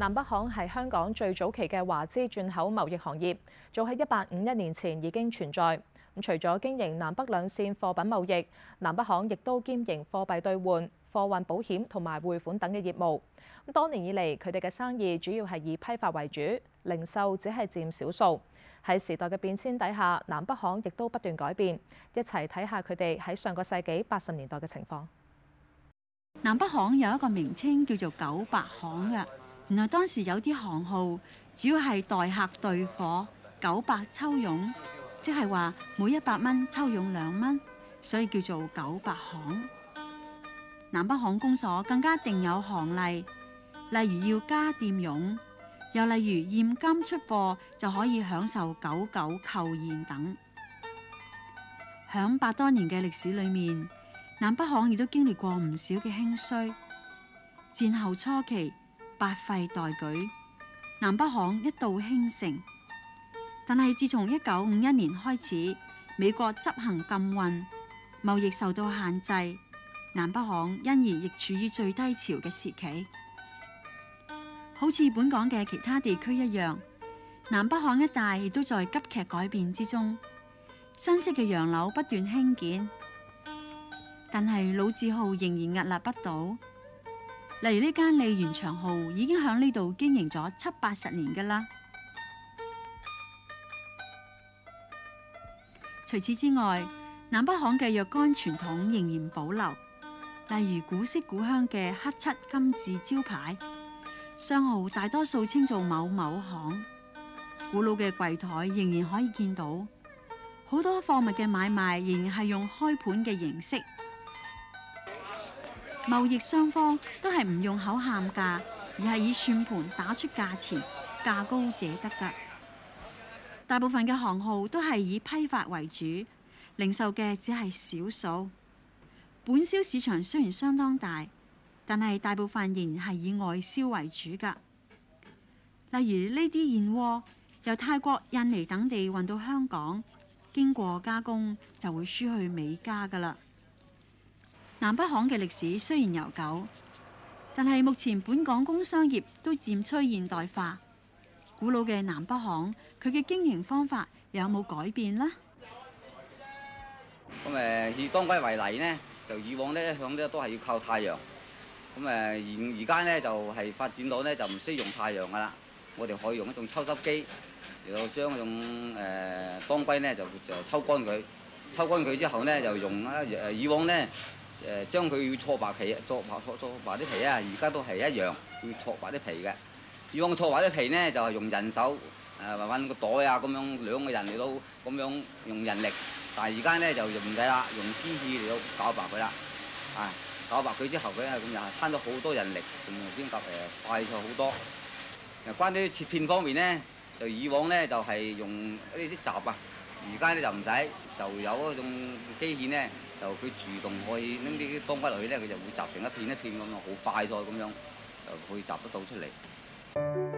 南北行係香港最早期嘅華資轉口貿易行業，早喺一八五一年前已經存在。咁除咗經營南北兩線貨品貿易，南北行亦都兼營貨幣兌換、貨運保險同埋匯款等嘅業務。咁多年以嚟，佢哋嘅生意主要係以批發為主，零售只係佔少數。喺時代嘅變遷底下，南北行亦都不斷改變。一齊睇下佢哋喺上個世紀八十年代嘅情況。南北行有一個名稱叫做九百行嘅。原來當時有啲行號主要係代客兌貨，九百抽傭，即係話每一百蚊抽傭兩蚊，所以叫做九百行。南北行公所更加定有行例，例如要加店傭，又例如現金出貨就可以享受九九扣現等。響百多年嘅歷史裏面，南北行亦都經歷過唔少嘅興衰。戰後初期。百廢待舉，南北行一度興盛，但係自從一九五一年開始，美國執行禁運，貿易受到限制，南北行因而亦處於最低潮嘅時期。好似本港嘅其他地區一樣，南北行一帶亦都在急劇改變之中，新式嘅洋樓不斷興建，但係老字號仍然屹立不倒。例如呢間利源長號已經喺呢度經營咗七八十年噶啦。除此之外，南北行嘅若干傳統仍然保留，例如古色古香嘅黑漆金字招牌，商號大多數稱做某某行，古老嘅櫃台仍然可以見到，好多貨物嘅買賣仍然係用開盤嘅形式。貿易雙方都係唔用口喊價，而係以算盤打出價錢，價高者得噶。大部分嘅行號都係以批發為主，零售嘅只係少數。本銷市場雖然相當大，但係大部分仍然係以外銷為主噶。例如呢啲燕窩由泰國、印尼等地運到香港，經過加工就會輸去美加噶啦。南北行嘅歷史雖然悠久，但係目前本港工商業都漸趨現代化。古老嘅南北行，佢嘅經營方法又有冇改變呢？咁誒，以當歸為例呢就以往呢，一向呢都係要靠太陽。咁誒，而而家呢就係發展到呢就唔需要用太陽噶啦。我哋可以用一種抽濕機，又將嗰種誒當歸呢就就抽乾佢，抽乾佢之後呢，就用啊誒，以往呢。誒將佢要搓白皮，搓白搓搓白啲皮啊！而家都係一樣，要搓白啲皮嘅。以往搓白啲皮呢，就係、是、用人手誒揾、啊、個袋啊咁樣，兩個人嚟到咁樣用人力。但係而家呢，就用唔使啦，用機器嚟到搞白佢啦。啊、哎，搞白佢之後咧，咁又係慳咗好多人力，同埋兼及誒快咗好多。嗱，關於切片方面呢，就以往呢，就係、是、用呢啲刀啊。而家咧就唔使，就有一種機器咧，就佢自動可以拎啲幫骨落去咧，佢就會集成一片一片咁樣，好快再咁樣就可以集得到出嚟。